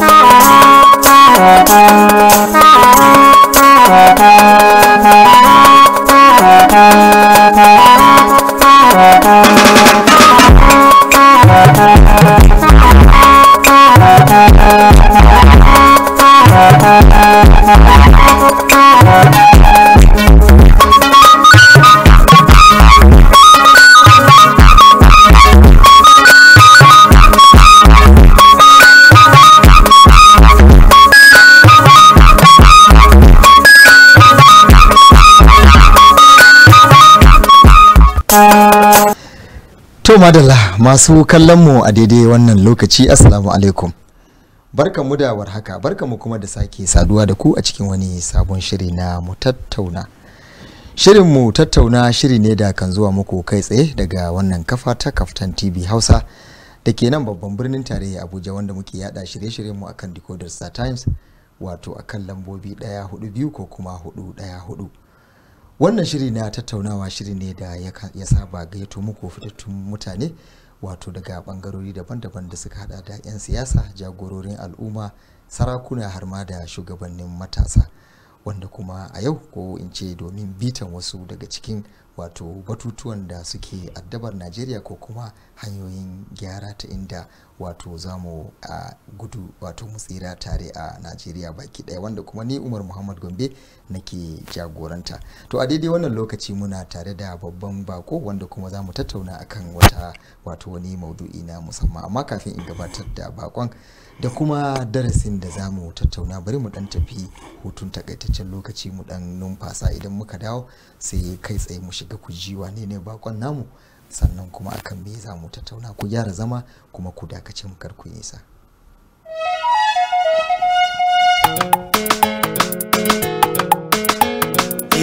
Thank you. madalla masu kallon mu a daidai wannan lokaci assalamu alaikum barkamu da warhaka barkamu kuma da sake saduwa da ku a cikin wani sabon shiri na mu tattauna shirin mu tattauna shiri ne da kan zuwa muku kai tsaye daga wannan kafa ta kaftan tv hausa da ke nan babban birnin tarayya abuja wanda muke yada shirye-shiryen mu akan decoder star times wato akan lambobi ɗaya hudu biyu ko kuma hudu ɗaya hudu wannan shiri na tattaunawa shiri ne da ya saba gaito muku fitattun mutane wato daga bangarori daban-daban da suka hada da 'yan siyasa jagororin al'umma sarakuna har ma da shugabannin matasa wanda kuma a yau ko in ce domin bitan wasu daga cikin wato batutuwan da suke addabar najeriya ko kuma hanyoyin gyara ta inda wato za mu gudu wato mu tsira tare a najeriya baki daya wanda kuma ni umar muhammad gombe nake jagoranta to a daidai wannan lokaci muna tare da babban bako wanda kuma za mu tattauna akan wata wato wani maudu'i na musamman amma kafin in gabatar da bakon da kuma darasin da za mu tattauna bari mu dan tafi hutun takaitaccen lokaci mu dan numfasa idan muka dawo sai kai tsaye mu shiga kujiwa ne ne bakon namu sannan kuma akan me za mu tattauna ku gyara zama kuma ku dakace mu kar ku nisa.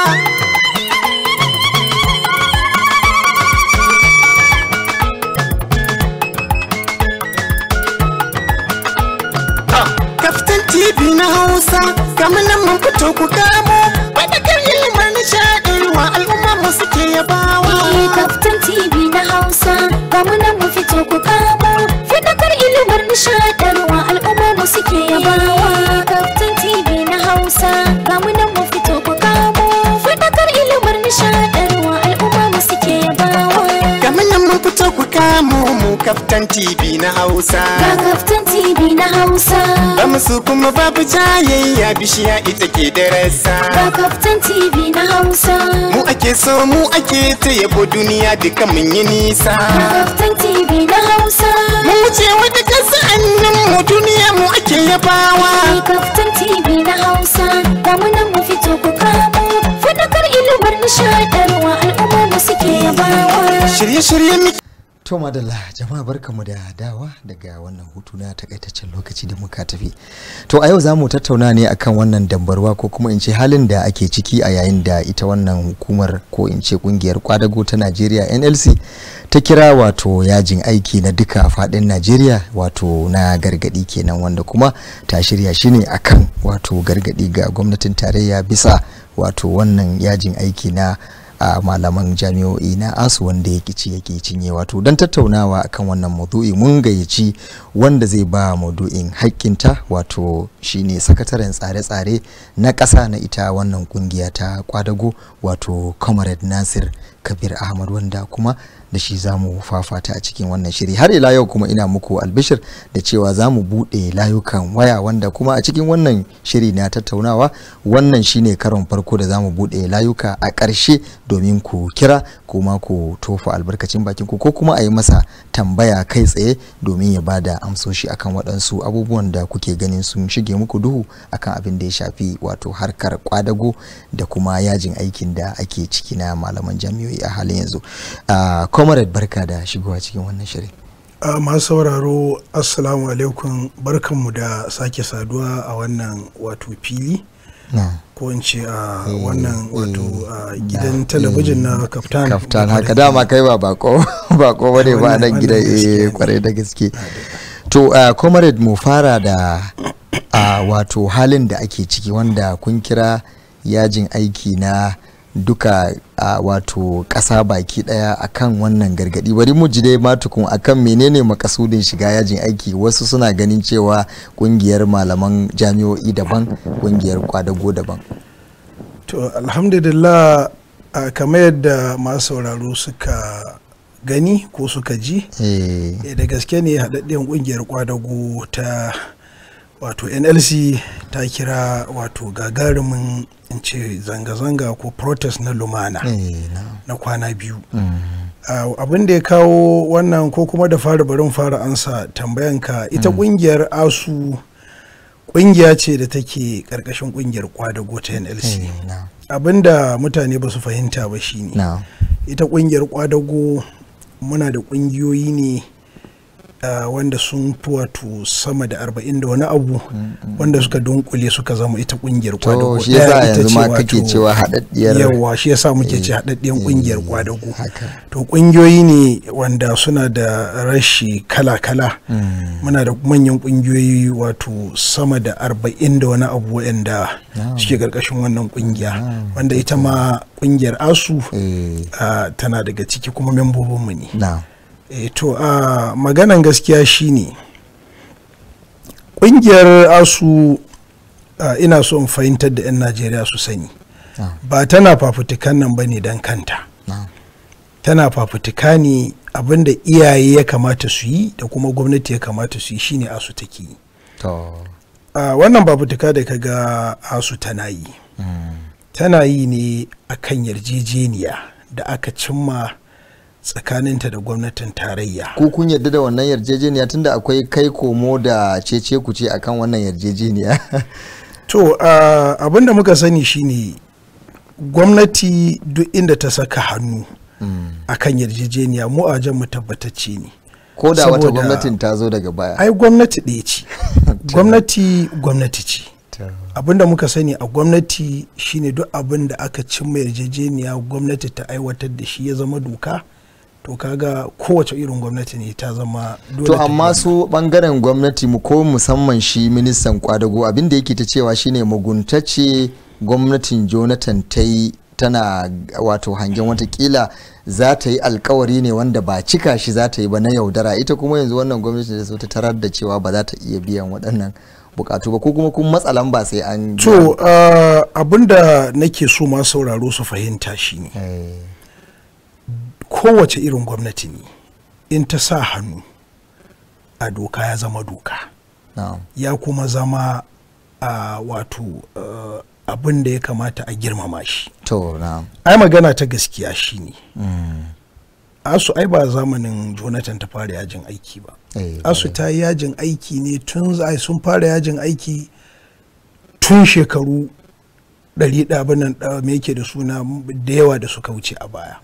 Kaftan TV na Hausa kamar nan mun fito ku kamo fadakar ilmar nishaɗi wa al'umma mu suke yabawa. Eh kaftan TV na Hausa kamar nan mun fito ku kamo fadakar ilmar nishaɗi wa al'umma mu suke yabawa. Eh kaftan TV na Hausa kaftan TV na Hausa. Ga kaftan TV na Hausa. Ba musu kuma babu jayayya bishiya ita ke darasa. Ga kaftan TV na Hausa. Mu ake so mu ake ta yabo duniya duka mun yi nisa. kaftan TV na Hausa. Mu wuce wata kasa mu duniya mu ake yabawa. Ga kaftan TV na Hausa. Ga mu nan mu fito ku kamo. Fadakar ilimin nishadarwa al'umma mu suke yabawa. Shirye-shirye to madalla jama'a barkamu da dawa daga wannan hutu na takaitaccen lokaci da muka tafi to a yau zamu tattauna ne akan wannan dambarwa ko kuma in ce halin da ake ciki a yayin da ita wannan hukumar ko in ce kungiyar kwadago ta najeriya nlc ta kira wato yajin aiki na duka fadin najeriya wato na gargadi kenan wanda kuma ta shirya shi ne akan wato gargadi ga gwamnatin tarayya bisa wato wannan yajin aiki na a malaman jami'o'i na asu wanda ya kici yake cinye wato don tattaunawa akan wannan maudu'i mun gayyaci wanda zai ba maudu'in haƙƙinta wato shine sakataren tsare-tsare na ƙasa na ita wannan ƙungiya ta kwadago wato comrade nasir kabir ahmad wanda kuma da shi za mu fafata a cikin wannan shiri har ila yau kuma ina muku albishir da cewa za mu buɗe layukan waya wanda kuma a cikin wannan shiri na tattaunawa wannan shine karon farko da za mu buɗe layuka a ƙarshe domin ku kira kuma ku tofa albarkacin bakin ku ko kuma a yi masa tambaya kai tsaye domin ya bada amsoshi akan waɗansu abubuwan da kuke ganin sun shige muku duhu akan abin da ya shafi wato harkar kwadago da kuma yajin aikin da ake ciki na malaman jami'o'i a halin yanzu. Ah, comrade barka da shigowa cikin wannan shirin Uh, masu sauraro assalamu alaikum barkanmu da sake saduwa a wannan wato fili ko in ce a eh, wannan eh, wato eh, gidan talabijin na kaftan kaftan haka dama kai ba bako bako bane ba nan gidan kwarai da gaske to comrade mu fara da wato halin da ake ciki wanda kun kira yajin aiki na duka a wato ƙasa baki ɗaya akan wannan gargaɗi bari mu ji dai matukun akan menene makasudin shiga yajin aiki wasu suna ganin cewa ƙungiyar malaman jami'o'i daban ƙungiyar kwadago daban to alhamdulillah kamar yadda masu sauraro suka gani ko suka ji eh. Eh, da gaske ne haɗaɗɗen ƙungiyar kwadago ta wato nlc ta kira wato gagarumin in ce zanga-zanga ko protest na lumana eh, na kwana biyu mm. Abinda ah, abin da ya kawo wannan ko kuma da fara barin fara ansa ka ita kungiyar mm. asu kungiya ce da take karkashin kungiyar kwadago ta nlc eh, abin da mutane ba su fahimta ba shine ita kungiyar kwadago muna da kungiyoyi ne Eh, wanda sun fi wato sama da arba'in da wani abu wanda suka dunkule suka zama ita kungiyar kwadago to shi yasa yawa shi muke ce eh, haɗaɗɗiyar kungiyar eh, kwadago to kungiyoyi ne wanda suna da rashi kala-kala hmm. muna da manyan kungiyoyi wato sama da arba'in da wani abu wanda suke karkashin wannan kungiya wanda ita ma kungiyar asu ah, tana daga ciki kuma membobinmu ne Eh, to a maganan gaskiya shine ƙungiyar asu ina so in fahimtar da 'yan najeriya su sani ah. ba tana fafutukan nan ba ne don kanta ah. tana fafutuka ne abinda iyaye ya kamata su yi da kuma gwamnati ya kamata su yi shine asu ta ke wannan fafutuka da ka ga asu tana yi hmm. tana yi ne akan yarjejeniya da aka cimma tsakaninta da gwamnatin tarayya ku kun yarda da wannan yarjejeniya tunda akwai kai komo da cece ku ce akan wannan yarjejeniya to uh, abin da muka sani shine gwamnati duk inda ta saka hannu mm. akan yarjejeniya mu a mu tabbatacce ne ko da wata gwamnatin ta zo daga baya ai gwamnati ɗaya ce gwamnati gwamnati ce abin da muka sani a gwamnati shine duk abin da aka cimma yarjejeniya gwamnati ta aiwatar da shi ya zama doka to kaga kowace irin gwamnati ne ta zama dole to amma su bangaren gwamnati mu ko musamman shi ministan kwadago abin da yake ta cewa shine muguntacce gwamnatin jonathan ta yi tana wato hangen watakila za ta yi alkawari ne wanda ba cika shi za ta yi ba na yaudara ita kuma yanzu wannan gwamnati da ta tarar da cewa ba za ta iya biyan waɗannan bukatu ba ko kuma kun matsa lamba sai an to ah, abinda nake so ma sauraro su fahimta shi ne. Eh. kowace irin gwamnati ne in ta sa hannu a doka ya zama doka ya kuma zama a wato abin da ya kamata a girmama shi to ai magana ta gaskiya shine ne mm. asu ai ba zamanin jonathan ta fara yajin aiki ba eh, eh. asu ta yi yajin aiki ne tun sun fara yajin aiki tun shekaru ɗari ɗabinan me yake da suna da yawa da suka wuce a baya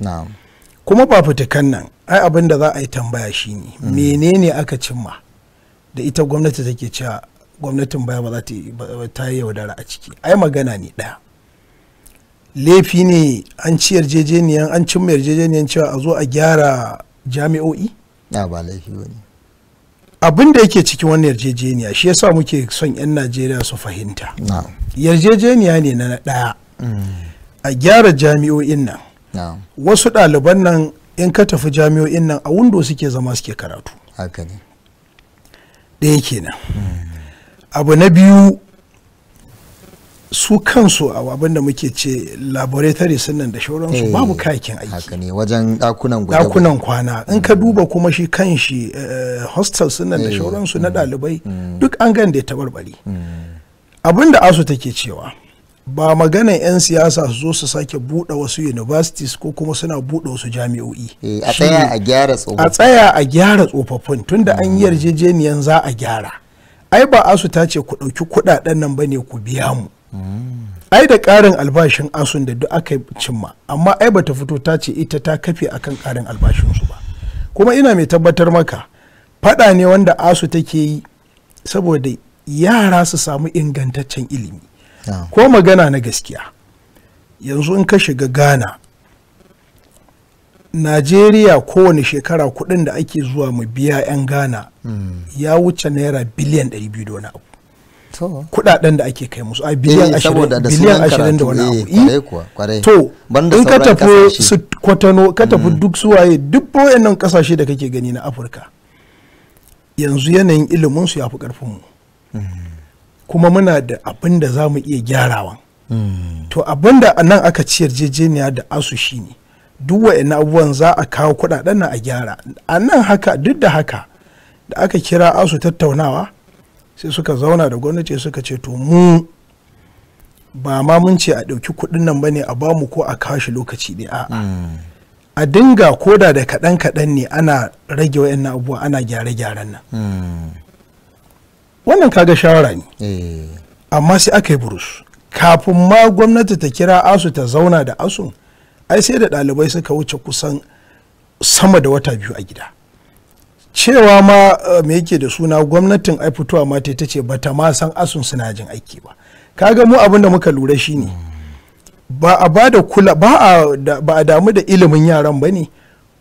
kuma ba fitakan nan ai abin da za a yi tambaya shine ne. Hmm. menene aka cimma da ita gwamnati take cewa gwamnatin baya ba za ta yi yaudara a ciki ai magana ne ɗaya laifi ne an ci yarjejeniyan an cimma yarjejeniyan cewa a zo a gyara jami'o'i na ba laifi ba ne abin da yake cikin wannan yarjejeniya shi yasa muke son 'yan najeriya su fahimta yarjejeniya ne na ɗaya hmm. a gyara jami'o'in nan wasu ɗaliban nan in ka tafi jami'o'in nan a wundo suke zama suke karatu ɗaya kenan abu na biyu su kansu a abin da muke ce laboratory nan da shauransu eh, babu kayakin aiki haka wajen dakunan dakunan kwana in ka mm. duba kuma shi kan shi eh, hostel nan da eh, shauransu na mm. ɗalibai mm. duk an gan da ya tabarbare abinda da asu take cewa ba magana 'yan siyasa su zo su sake buɗe wasu universities ko kuma suna buɗe wasu jami'o'i eh, a tsaya a gyara tsofaffin a tsaya tunda an yi mm. yarjejeniyan za a gyara ai ba asu ta ce ku ɗauki kuɗaɗen nan ne ku biya mu mm. ai da ƙarin albashin asun da duk aka cimma amma ai bata fito ta ce ita ta kafe akan ƙarin albashin su ba kuma ina mai tabbatar maka faɗa ne wanda asu take yi saboda yara su samu ingantaccen ilimi ko magana na gaskiya yanzu in ka shiga ghana najeriya kowane shekara kudin da ake zuwa mu biya 'yan ghana hmm. ya wuce naira biliyan 200 wani abu kudaden da ake kai musu a biliyan eh, ashirin da wani abu eh, to in ka tafi su kwatano ka tafi hmm. duk suwaye duk boye nan kasashe da kake gani na afirka yanzu yanayin ilimin su ya fi karfin mu hmm. kuma muna da abin da za mu iya gyarawa to abin da nan aka ci yarjejeniya da asu ne duk wa'ina abubuwan za a kawo kuɗaɗen na a gyara a nan haka duk da haka da aka kira asu tattaunawa sai suka zauna da gwamnati suka ce to mu ba ma mun ce a ɗauki kuɗin nan ba ne a mu ko a kawo shi lokaci ne a'a a dinga koda da kaɗan kaɗan ne ana rage wa'annan abubuwa ana gyara gyaren nan wannan kaga shawara ne eh. amma sai aka yi burus kafin ma gwamnati ta kira asu ta zauna da asu ai sai da ɗalibai suka wuce kusan sama da wata biyu a gida cewa ma eh, me yake da suna gwamnatin ai fitowa ma ta ce ta ma san asun suna jin aiki ba kaga mu abin da muka lura shine ba a ba da kula ba a damu da ilimin yaran ba ne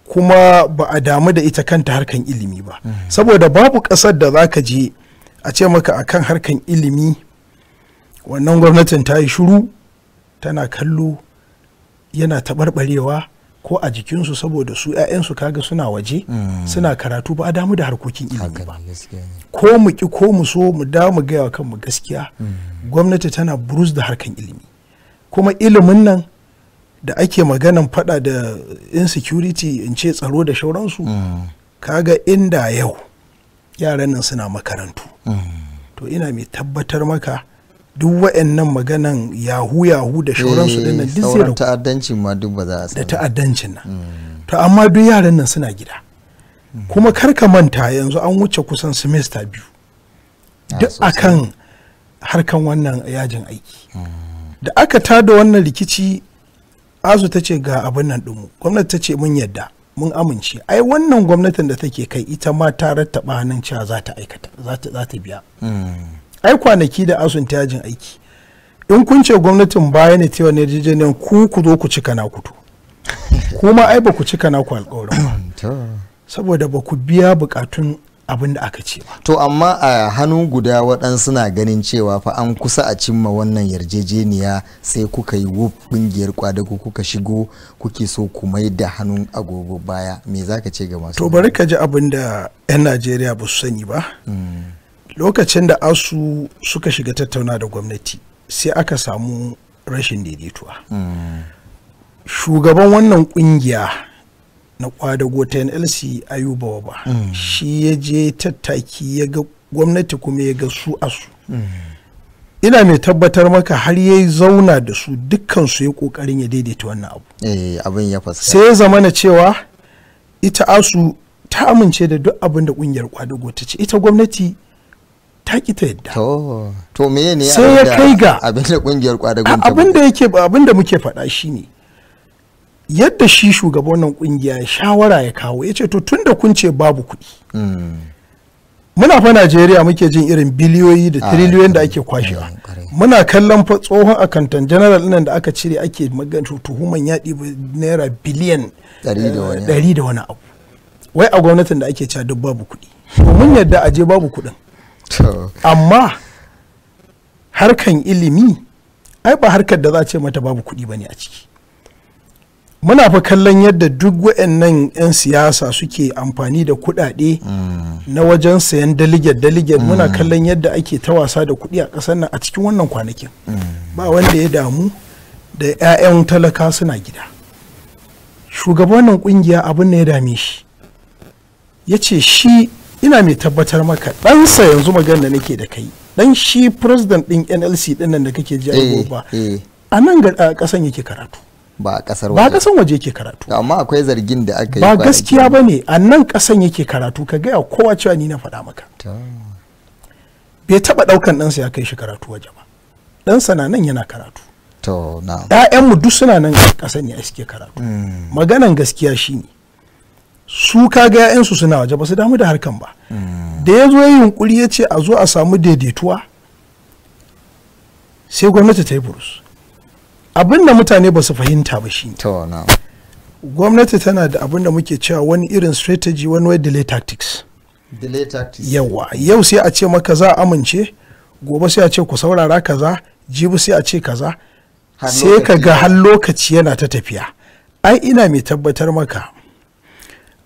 kuma ba a damu da ita kanta harkan ilimi ba mm. saboda babu ƙasar da za ka je a ce maka a kan harkan ilimi wannan gwamnatin ta yi shuru tana kallo yana taɓarɓarewa ko a jikinsu saboda su 'ya'yansu kaga suna waje mm. suna karatu ba a damu da harkokin ilimi ba ko mu ki ko mu so mu damu gaya wa mu gaskiya mm. gwamnati tana burus da harkan ilimi kuma ilimin nan da ake maganan fada da insecurity in ce tsaro da shauransu mm. kaga inda yau yaran nan suna makarantu mm. to ina mai tabbatar maka duk wa'annan maganan yahu yahu da shauransu eh, din nan duk ta'addanci ma duk ba za a da ta'addancin nan mm. to amma duk yaran nan suna gida mm. kuma kar ka manta yanzu an wuce kusan semester biyu ah, duk akan harkan wannan yajin aiki da aka tada wannan rikici azu ta ce ga abin nan ɗinmu gwamnati ta ce mun yadda mun amince ai wannan gwamnatin da take kai ita ma ta rattaba hannun cewa za ta aikata za ta biya hmm. ai kwanaki da asun yajin aiki in kun ce gwamnatin baya ne cewa ne ku ku zo ku cika na to kuma ai ba ku cika na ku alkawarin ba saboda ba ku biya bukatun abin da aka ce To amma a hannu guda waɗansu suna ganin cewa fa an kusa a cimma wannan yarjejeniya sai kuka yi wuf ƙungiyar kwadago kuka shigo kuke so ku mai da hannun agogo baya me za ka ce ga masu. To bari ka ji abin da 'yan Najeriya ba su sani ba. Mm. Lokacin da asu suka shiga tattauna da gwamnati sai aka samu rashin daidaituwa. Mm. Shugaban wannan ƙungiya na kwadago ta nlc ayuba ba mm. shi ya je tattaki ya ga gwamnati kuma ya ga su a su mm. ina mai tabbatar maka har ya zauna da su dukkan su ya kokarin ya daidaita wannan abu eh, abin ya sai ya zama na cewa ita asu ta amince da duk abin da kungiyar kwadago ta ce ita gwamnati ta ki ta yadda to me ne sai ya kai ga abin da kungiyar kwadago abin da yake abin da muke faɗa shine yadda shi shugaban wannan kungiya ya shawara ya kawo ya ce to tun da kun ce babu kuɗi muna fa najeriya muke jin irin biliyoyi da ah, triliyoyin da mm, ake kwashewa mm, muna kallon fa tsohon akantan general nan da aka cire ake magana tuhuman yaɗi ɗiba naira biliyan eh, ɗari da wani abu wai a gwamnatin da ake cewa duk babu kuɗi to mun yadda a je babu kuɗin amma harkan ilimi ai ba harkar da za a ce mata babu kuɗi ba ne a ciki muna fa kallon yadda duk wa'annan 'yan siyasa suke amfani da kuɗaɗe na wajen sayan daliget daliget mm. muna kallon yadda ake ta wasa da kuɗi a ƙasar nan a cikin wannan kwanakin mm. ba wanda ya damu da 'ya'yan talaka suna gida shugaban ƙungiya abin ne ya dame shi ya ce shi ina mai tabbatar maka ɗansa yanzu magana da nake da kai ɗan shi president ɗin nlc ɗin nan da kake ji a eh, eh. a nan ga ƙasan yake karatu ba a kasar waje ba kasan waje yake karatu amma akwai zargin da aka yi ba gaskiya bane a nan kasan yake karatu ka gaya kowa cewa ni na faɗa maka bai taɓa ɗaukan ɗansa ya kai shi karatu waje ba ɗansa na nan yana karatu to na ƴaƴanmu duk suna nan kasan ne suke karatu hmm. maganan gaskiya shi ne su ka ga su suna waje ba su damu da harkan ba hmm. da ya zo ya yunkuri ya ce a zo a samu daidaituwa sai gwamnati ta yi burus abin da mutane ba su fahimta ba shi gwamnati tana da abin da muke cewa wani irin strategy wani way delay tactics delay tactics yawa yau sai a ce maka za a amince gobe sai a ce ku saurara kaza jibi sai a ce kaza sai ka ga har lokaci yana ta tafiya ai ina mai tabbatar maka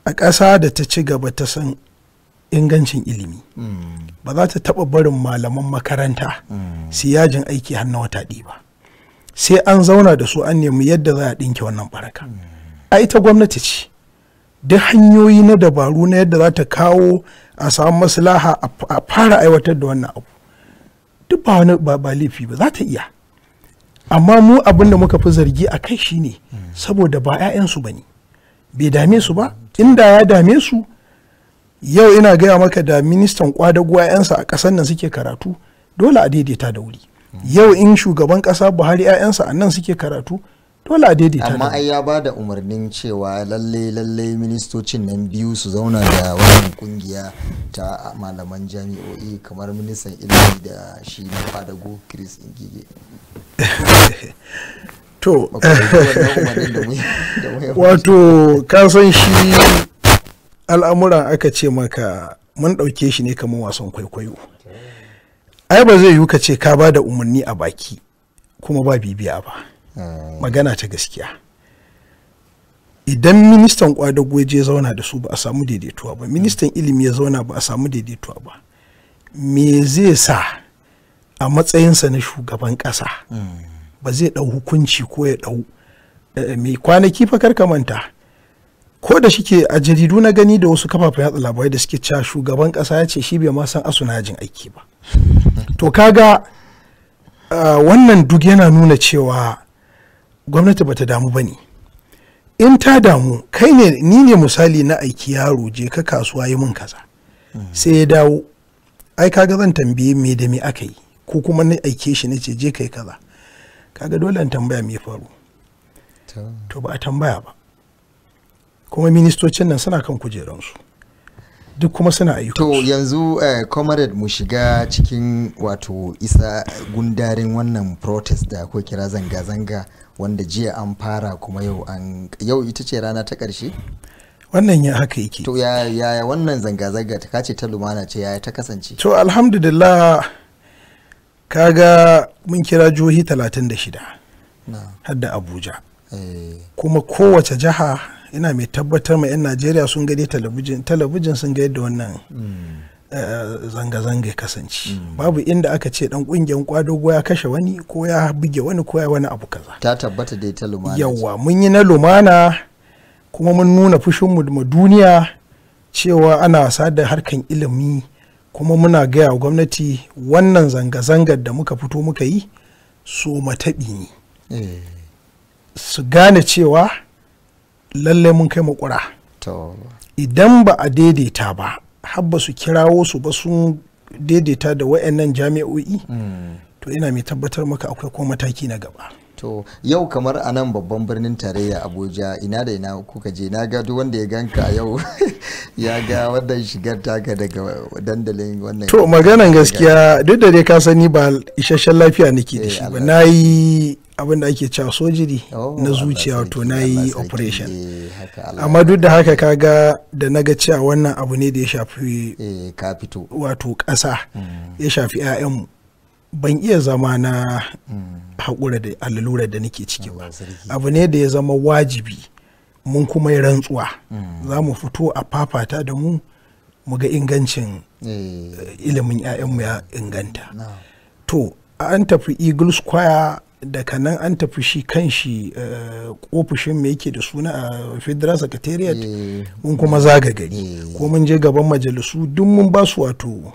a ƙasa da ta ci gaba ta san ingancin ilimi mm. ba za ta taɓa barin malaman makaranta mm. su yajin aiki har na wata ɗi ba sai an zauna da su an nemi yadda za a ɗinke wannan baraka a ita gwamnati ce duk hanyoyi na dabaru na yadda za ta kawo a samu maslaha a fara aiwatar da wannan abu duk ba wani ba laifi ba za ta iya amma mu abin da muka fi zargi a kai shi ne saboda ba 'ya'yansu ba ne bai dame su ba inda ya dame su yau ina gaya maka da ministan kwadago 'ya'yansa a ƙasar nan suke karatu dole a daidaita da wuri yau in shugaban kasa buhari 'ya'yansa a nan suke karatu dole a daidaita amma ai ya ba da umarnin cewa lalle lalle ministocin nan biyu su zauna da wannan kungiya ta malaman jami'o'i kamar ministan ilimi da shi na fadago chris ingige to wato san shi al'amuran aka ce maka mun ɗauke shi ne kamar wasan kwaikwayo ai ba zai yiwu ka ce ka ba da umarni a baki kuma ba bibiya ba hmm. magana ta gaskiya idan ministan kwadago ya zauna da su ba a samu daidaituwa ba ministan ilimi ya zauna ba a samu daidaituwa ba me zai sa a matsayinsa na shugaban ƙasa hmm. ba zai ɗau hukunci ko ya ɗau eh, mai kwanaki fakar kamanta ko da shi ke a jaridu na gani da wasu kafafen yatsa labarai da suke cewa shugaban ƙasa ya ce shi bai ma san asu na jin aiki ba to kaga ah, wannan duk yana nuna cewa gwamnati bata damu ba ne in ta damu kai ne ni ne misali na aiki yaro je ka kasuwa yi mun kaza sai ya dawo ai kaga zan tambaye me da me aka yi ko kuma na aike shi na ce je kai kaza kaga dole tambaya me faru to ba a tambaya ba kuma ministocin nan suna kan kujeransu duk kuma suna ayyuka to yanzu eh, comrade mu shiga cikin wato isa gundarin wannan protest da ko kira zanga-zanga wanda jiya an fara kuma yau an yau ita ce rana ta ƙarshe wannan ya haka yake to ya ya wannan zanga-zanga ta kace ta lumana ce ya ta kasance to alhamdulillah kaga mun kira jihohi 36 hadda abuja eh. kuma kowace jiha ina mai tabbatar ma 'yan najeriya sun gade talabijin talabijin sun ga yadda wannan eh, zanga-zanga kasance babu inda aka ce dan kungiyar ko ya kashe wani ko ya buge wani ko ya wani abu kaza ta tabbata dai ta lumana yawa mun yi na lumana kuma mun nuna fushinmu da duniya cewa ana wasa da harkan ilimi kuma muna gaya wa gwamnati wannan zanga-zangar da muka fito muka yi so mataɓi ne eh. su gane cewa lalle mun kai makura idan ba a daidaita ba habba su kirawo su ba sun daidaita da wayannan jami'o'i mm. to ina mai tabbatar maka akwai ko mataki na gaba to yau kamar a nan babban birnin tarayya abuja ina da ina kuka je na ga wanda ya ganka yau ya ga wadda shigar taka daga dandalin wannan to maganan gaskiya duk da dai ka sani ba isasshen lafiya nake da eh, shi ba na yi abin da ake cewa sojiri na oh, zuciya to na yi operation eh, amma duk da haka kaga da na ga cewa wannan abu ne da ya shafi eh, wato ƙasa mm. ya shafi 'ya'yanmu ban iya zama na mm. haƙura da allura da nake ciki ba abu ne da ya zama wajibi mun kuma yi rantsuwa mm. za mu fito a fafata da mu mu ga ingancin eh. ilimin 'ya'yanmu ya inganta to an tafi eagle square daga nan an tafi shi kan shi eh, ofishin me yake da suna a federal secretariat eh. mun kuma zaga gari eh. ko mun je gaban majalisu duk mun ba su wato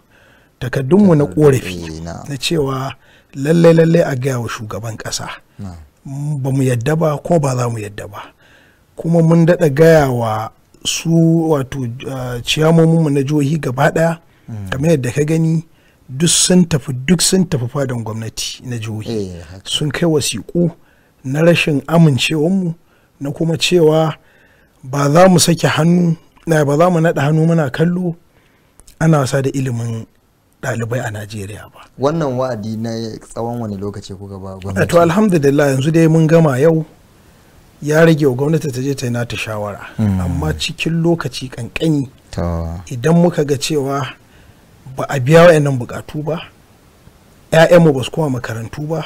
takaddunmu na korafi na cewa lalle lalle a gaya wa shugaban kasa ba mu yadda ba ko ba za mu yadda ba kuma mun daɗa gaya wa su wato mu na jihohi gaba ɗaya hmm. kamar yadda ka gani duk sun tafi duk sun tafi fadan gwamnati na jihohi eh, sun kai wasiƙu na rashin amincewanmu na kuma cewa ba za mu sake hannu na ba za mu naɗa hannu muna kallo ana wasa da ilimin ɗalibai a najeriya ba wannan wa'adi na tsawon wani lokaci kuka ba gwamnati eh, to alhamdulillah yanzu dai mun gama yau ya rage wa gwamnati ta je ta yi nata shawara hmm. amma cikin lokaci kankani idan muka ga cewa ba a biya wayannan bukatu ba mu ba su koma makarantu ba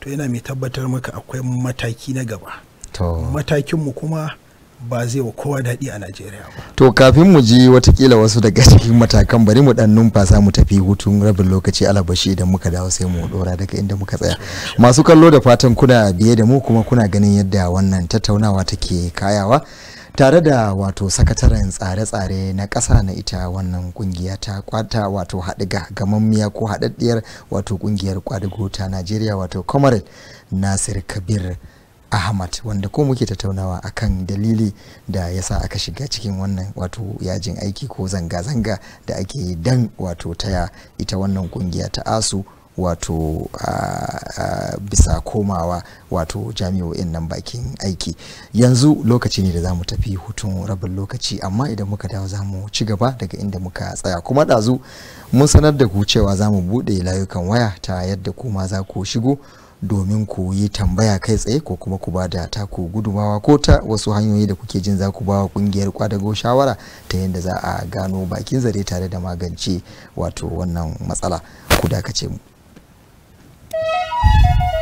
to yana mai tabbatar maka akwai mataki na gaba matakinmu kuma ba zai wa kowa daɗi a najeriya ba to kafin mu ji watakila wasu daga cikin matakan bari mu dan numfasa mu tafi hutun rabin lokaci alabashi idan muka dawo sai mu dora daga inda muka tsaya masu kallo da fatan kuna biye da mu kuma kuna ganin yadda wannan tattaunawa take kayawa tare da wato sakataren tsare-tsare na ƙasa na ita wannan kungiya ta kwata wato haɗiga gamammiya ko haɗaɗɗiyar wato kungiyar kwadago ta najeriya wato comrade nasir kabir ahmad wanda ko muke tattaunawa akan dalili da yasa aka shiga cikin wannan wato yajin aiki ko zanga-zanga da ake dan wato taya ita wannan kungiya ta asu wato bisa komawa wato jami'o'in nan bakin aiki yanzu lokaci ne da za mu tafi hutun rabin lokaci amma idan muka dawo za mu ci gaba daga inda muka tsaya kuma ɗazu mun sanar da ku cewa za mu buɗe layukan waya ta yadda kuma za ku shigo domin ku yi tambaya kai tsaye ko kuma ku ba da taku gudumawa ko ta wasu hanyoyi da kuke jin za ku ba wa kungiyar kwadago shawara ta yadda za a gano bakin zare tare da magance wato wannan matsala ku dakace mu Thank you.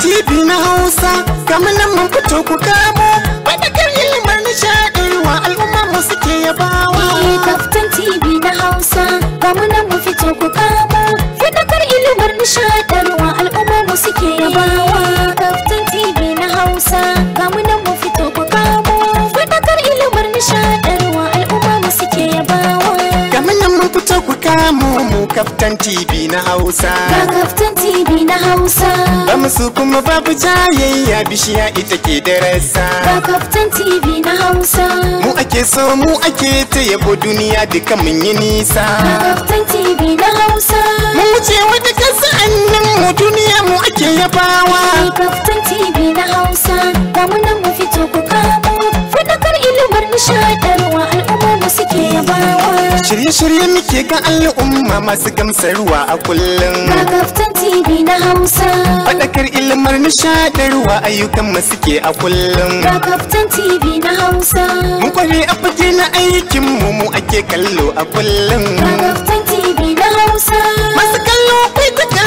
TV na Hausa kamar nan mun fito ku kamo fadakar ilmar nishaɗi wa al'umma mu suke yabawa. Eh kaftan TV na Hausa kamar nan mun fito ku kamo fadakar ilmar nishaɗi wa al'umma mu suke yabawa. Kaftan TV na Hausa kamar nan mun kaftan TV na Hausa. ka kaftan TV na Hausa. Ba musu kuma babu jayayya bishiya ita ke darasa. ka kaftan TV na Hausa. Mu ake so mu ake ta yabo duniya duka mun yi nisa. ka kaftan TV na Hausa. Mu wuce wata kasa annan mu duniya mu ake yabawa. ka kaftan TV na Hausa. Ga mu nan mu fito ku kama. Kar ilimar nishaɗarwa al'umma mu suke bawa Shirye-shirye muke ga al'umma masu gamsarwa a kullum Gagaftan TV na Hausa Faɗakar ilimar nishadarwa ayyukan mu suke a kullum Gagaftan TV na Hausa Mu kware a fage na aikin mu mu ake kallo a kullum Gagaftan TV na Hausa Masu kallo kai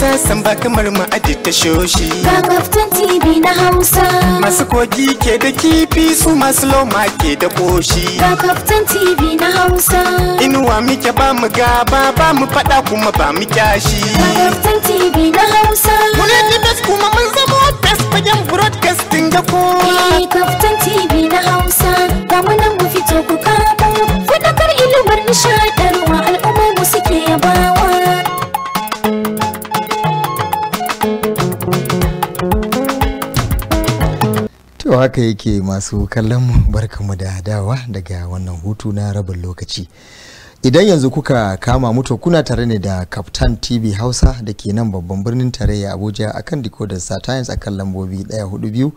Hausa san ba kamar mu aji ta shoshi. Ga kaftan TV na Hausa. Masu kogi ke da kifi su masu loma ke da koshi. Ga kaftan TV na Hausa. Inuwa muke ba mu gaba ba mu fada kuma ba mu kyashi. Ga kaftan TV na Hausa. Mun yi best kuma mun zama best fagen broadcasting da kowa. Eh kaftan TV na Hausa. Ga mu nan mu fito ku kamo. Fadakar ilimin nishadi. haka yake masu kallon mu barkamu da dawa daga wannan hutu na rabin lokaci idan yanzu kuka kama mutu kuna tare ne da captain tv hausa da ke nan babban birnin tarayya abuja akan decoder satires akan lambobi 142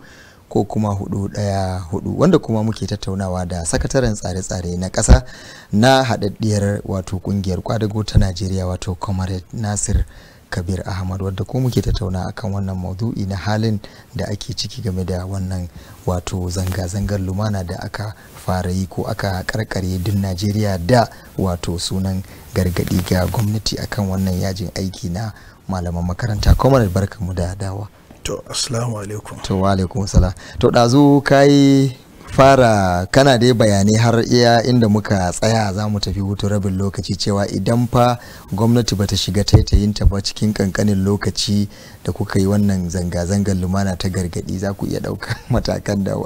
ko kuma 414 wanda kuma muke tattaunawa da sakataren tsare-tsare na kasa na haɗaɗɗiyar wato kungiyar kwadago ta najeriya wato comrade nasir kabir ahmad wadda ko muke tattauna akan wannan maudu'i na halin da ake ciki game da wannan wato zanga-zangar lumana da aka fara yi ko aka karkare din najeriya da wato sunan gargadi ga gwamnati akan wannan yajin aiki na malaman makaranta kwamar barkanmu da dawa to assalamu alaikum to wa alaikum salam to ɗazu kayi fara kana dai bayanai har iya inda muka tsaya za mu tafi hutu rabin lokaci cewa idan fa gwamnati bata shiga taitayinta ba cikin kankanin lokaci da kuka yi wannan zanga-zangar lumana ta gargadi za ku iya ɗaukar matakan da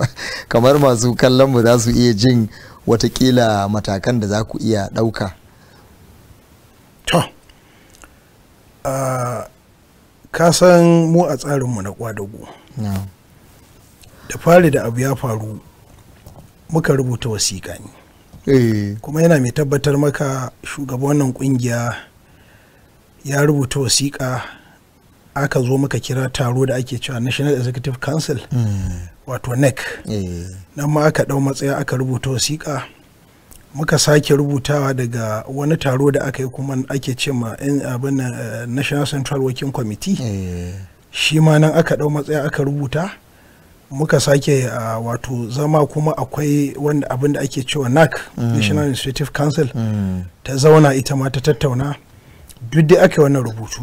kamar masu kallon mu za su iya jin watakila matakan da za ku iya ɗauka to ka san mu a tsarinmu na kwadago da fari da abu ya faru muka rubuta wasiƙa ne eh. kuma yana mai tabbatar maka shugaban wannan kungiya ya rubuta wasiƙa aka zo muka kira taro da ake cewa national executive council hmm. wato nec eh. nan ma aka ɗau matsaya aka rubuta wasiƙa muka sake rubutawa daga wani taro da aka yi kuma ake ce ma eh, national central working committee shi ma nan aka ɗau matsaya aka rubuta muka sake uh, wato zama kuma akwai wanda abin da ake cewa nac mm. national Initiative council mm. ta zauna ita ma ta tattauna duk da aka wannan rubutu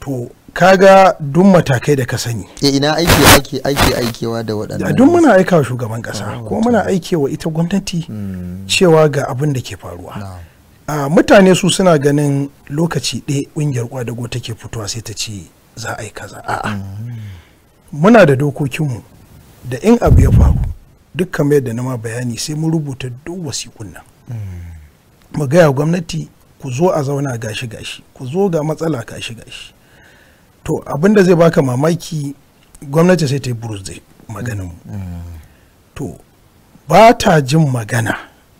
to kaga duk matakai da ka sani e ina aiki ake aiki aikewa da waɗannan duk muna aikawa shugaban ƙasa ah, kuma muna aikewa ita gwamnati mm. cewa ga abin da ke faruwa no. mutane su suna ganin lokaci ɗaya ƙungiyar kwadago take fitowa sai ta ce za a yi kaza a'a mm. muna da dokokinmu da in abu ya faru duk kamar yadda na ma bayani sai mun rubuta duk wasikun nan mu gaya gwamnati ku zo a zauna gashi gashi ku zo ga matsala gashi gashi to abin da zai baka mamaki gwamnati sai ta yi buruz da maganin to ba ta jin magana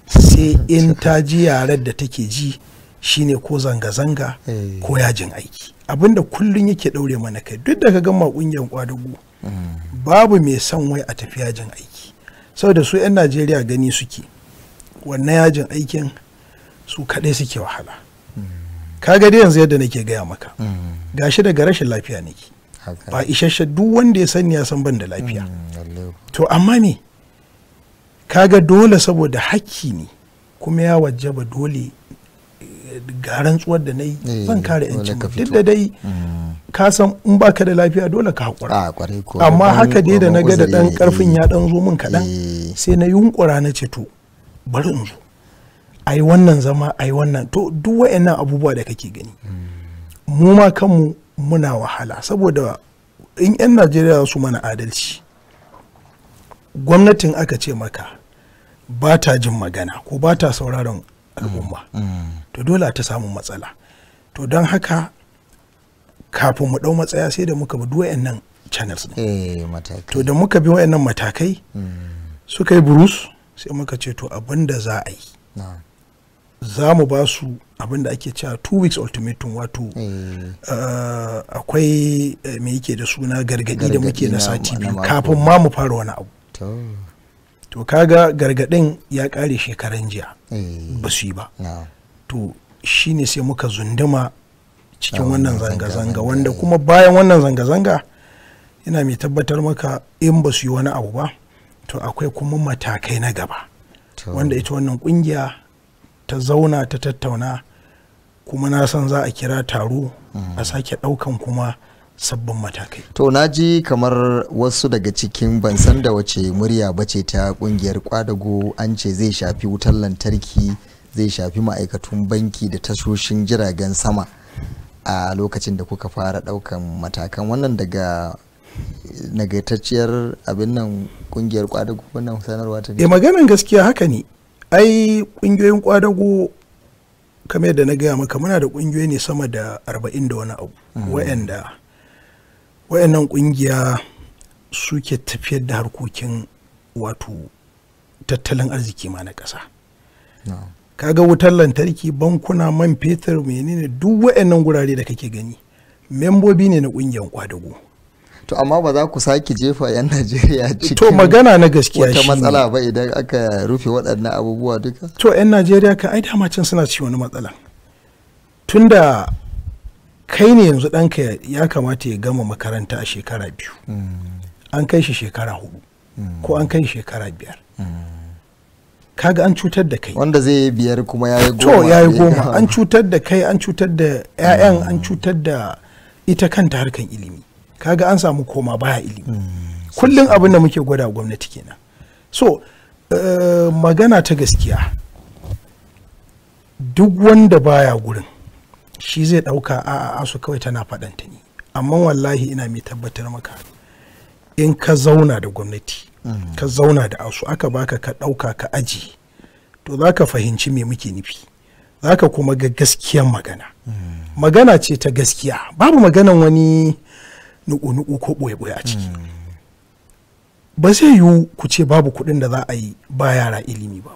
sai in ta ji yaren da take ji shine ko zanga-zanga eh. ko yajin aiki abin da kullum yake daure mana kai duk da ka gama ƙungiyar kwadago babu mai son wai a tafi yajin aiki saboda su 'yan najeriya gani suke wannan yajin aikin su kaɗai suke wahala ka ga dai yanzu yadda nake gaya maka gashi daga rashin lafiya nake ba isasshe duk wanda ya sani ya san ban da lafiya mm, to amma me kaga dole saboda hakki ne kuma ya wajaba dole eh, garan tsuwar da na yi eh, zan kare 'yancin duk da dai mm. ka san in baka da lafiya dole ka haƙura amma haka dai da na ga da ɗan ƙarfin ya ɗan zo min kaɗan sai na yunƙura na ce to bari in zo a yi wannan zama a yi wannan to duk wa'annan abubuwa da kake gani mu ma kanmu muna wahala saboda in 'yan najeriya su mana adalci gwamnatin aka ce maka ba ta jin magana ko ba ta sauraron al'umma mm, mm. to dole ta samu matsala to don haka kafin mu dau matsaya sai da muka bi duwayen nan channels din eh, to da muka bi wayannan matakai hmm. suka yi burus sai muka ce to abinda za a yi za mu ba su abinda ake cewa two weeks ultimatum wato eh. Eh, akwai me yake da suna gargadi da muke na sati biyu kafin ma mu fara wani abu to kaga gargadin ya kare shekaran jiya ba su yi ba to shine sai muka zunduma cikin wannan zanga-zanga wanda kuma bayan wannan zanga-zanga yana mai tabbatar maka in ba su yi wani abu ba to akwai kuma matakai na gaba wanda ita wannan kungiya ta zauna ta tattauna kuma na san za a kira taro a mm. sake ɗaukan kuma sabbin matakai. To na ji kamar wasu daga cikin ban san da wace murya bace ta kungiyar kwadago an ce zai shafi wutar lantarki zai shafi ma'aikatun banki da tashoshin jiragen sama. a lokacin da kuka fara daukan matakan wannan daga nagaitacciyar abin nan kungiyar kwadago wannan sanarwa ta e eh, maganin gaskiya haka ne ai kungiyoyin kwadago kamar yadda na gaya maka muna da kungiyoyi ne sama da arba'in da wani abu hmm. wa'anda wa'annan kungiya suke tafiyar da harkokin wato tattalin arziki ma na ƙasa kaga wutar lantarki bankuna man fetur menene duk wa'annan gurare da kake gani membobi ne na kungiyar kwadago to amma ba za ku sake jefa 'yan najeriya cikin to magana na gaskiya wata matsala ba idan aka rufe waɗannan abubuwa duka to 'yan najeriya ka ai dama can suna ci wani matsala tunda kai ne yanzu ɗanka ya kamata ya gama makaranta a shekara biyu mm. an kai shi shekara hudu mm. ko an kai shekara biyar mm. kaga an cutar da kai wanda zai biyar kuma ya yi goma to yi goma an cutar da kai an cutar da ƴaƴan an cutar da ita kanta harkan ilimi kaga an samu koma baya ilimi hmm, kullum abin da muke gwada gwamnati kenan so eh, magana ta gaskiya duk wanda baya gurin shi zai ɗauka a a'su kawai tana faɗanta ne amma wallahi ina mai tabbatar maka in ka zauna da gwamnati ka zauna da asu aka baka ka ɗauka ka aji to za ka fahimci me muke nufi za ka kuma ga gaskiyan magana magana ce ta gaskiya babu maganan wani nuku-nuku ko ɓoye-ɓoye a ciki ba zai yiwu ku ce babu kuɗin da za a yi ba yara ilimi ba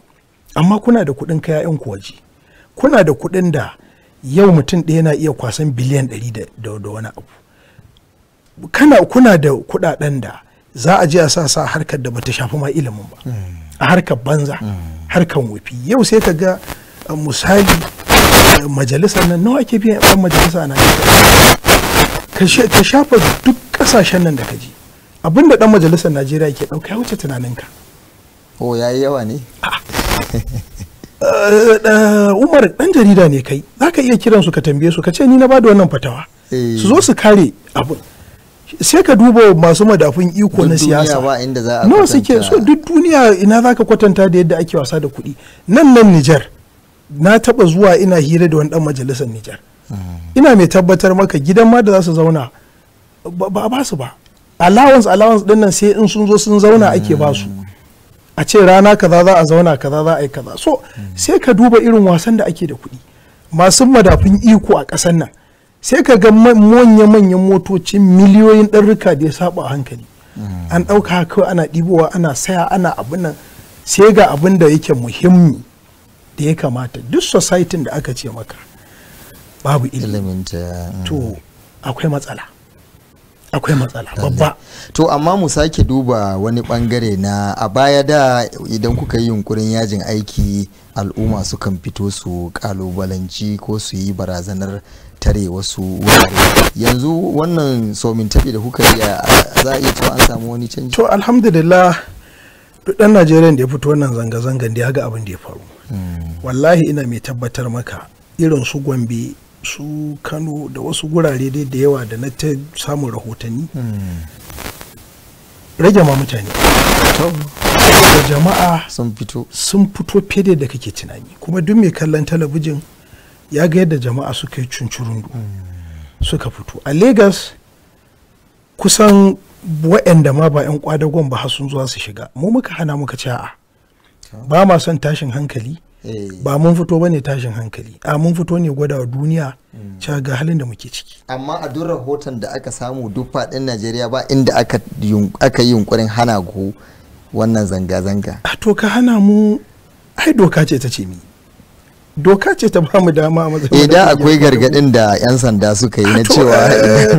amma kuna da kuɗin ka ku waje kuna da kuɗin da yau mutum ɗaya na iya kwasan biliyan ɗari da wani abu kana kuna da kuɗaɗen da za a je a sa sa harkar da bata shafi ma ilimin ba a harkar banza harkar wufi yau sai ka ga misali majalisar nan nawa ake biyan ɗan majalisa na ka shafa duk kasashen nan da ka ji abinda ɗan majalisar najeriya ke ɗauka ya wuce tunaninka O ya yi yawa ne eh, eh, umar ɗan jarida ne kai za ka iya kiransu ka tambaye su ka ce ni na bada wannan fatawa eh. su zo su kare abin sai ka duba masu madafun iko na siyasa nawa suke so duk duniya ina za ka kwatanta da yadda ake wasa da kuɗi nan nan nijar na taba zuwa ina hira da wani ɗan majalisar nijar mm. ina mai tabbatar maka gidan ma da za su zauna ba ba su ba allowance allowance din nan sai in sun zo sun zauna ake ba su mm. a ce rana kaza za a zauna kaza za a yi kaza so mm. sai ka duba irin wasan da ake da kuɗi masu madafin iko a ƙasar nan sai ka ga manya-manyan motocin miliyoyin ɗarruka da ya saba hankali an ɗauka kawai ana ɗibowa ana saya ana abin nan sai ga abin da yake muhimmi da ya kamata duk society da aka ce maka babu ilimin mm. to akwai matsala akwai matsala babba to amma mu sake duba wani bangare na a baya da idan kuka yi yunkurin yajin aiki al'umma sukan fito su kalubalanci ko su yi barazanar tare wasu wurare yanzu wannan somin tafi da kuka yi za a iya cewa an samu wani canji to alhamdulillah duk dan najeriya da ya fito wannan zanga-zangan da ya ga abin da ya faru hmm. wallahi ina mai tabbatar maka irin su gombe su kano da wasu gurare dai da yawa da na ta samun rahotanni hmm. rage ma mutane da jama'a sun fito sun fito da kake tunani kuma duk mai kallon talabijin ya ga yadda jama'a suka yi cuncurun suka fito a Legas kusan waɗanda ma ba 'yan kwadagon ba sun zuwa su shiga mu muka hana muka ce a ba ma son tashin hankali eh. ba mun fito ba ne tashin hankali a mun fito ne gwada duniya mm. ca ga halin da muke ciki amma a duk rahoton da aka samu duk faɗin najeriya ba inda aka yi yunkurin hana ku wannan zanga-zanga a to ka hana mu ai doka ce ta ce mi doka ce ta bamu dama a matsayin idan eh, akwai gargadin da yan sanda suka yi na cewa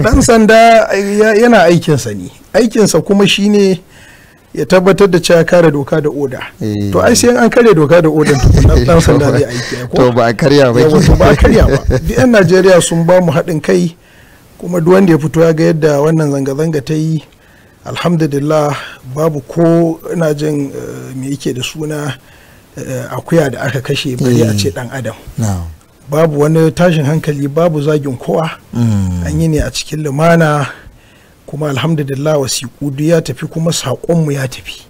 dan eh, sanda eh, yana aikinsa ne aikinsa kuma shine ya tabbatar da cewa kare doka da oda to ai sai an karya doka da oda dan sanda zai aiki to ba a karya ba ke ba a karya ba yan Najeriya sun bamu mu haɗin kai kuma duk wanda ya fito ya ga yadda wannan zanga-zanga ta yi alhamdulillah babu ko ina jin me yake da suna Eh, akuya da aka kashe bari a ce eh, dan adam babu wani tashin hankali babu zagin kowa mm. an yi ne a cikin lumana kuma alhamdulillah wasiƙu duk ya tafi kuma saƙonmu ya tafi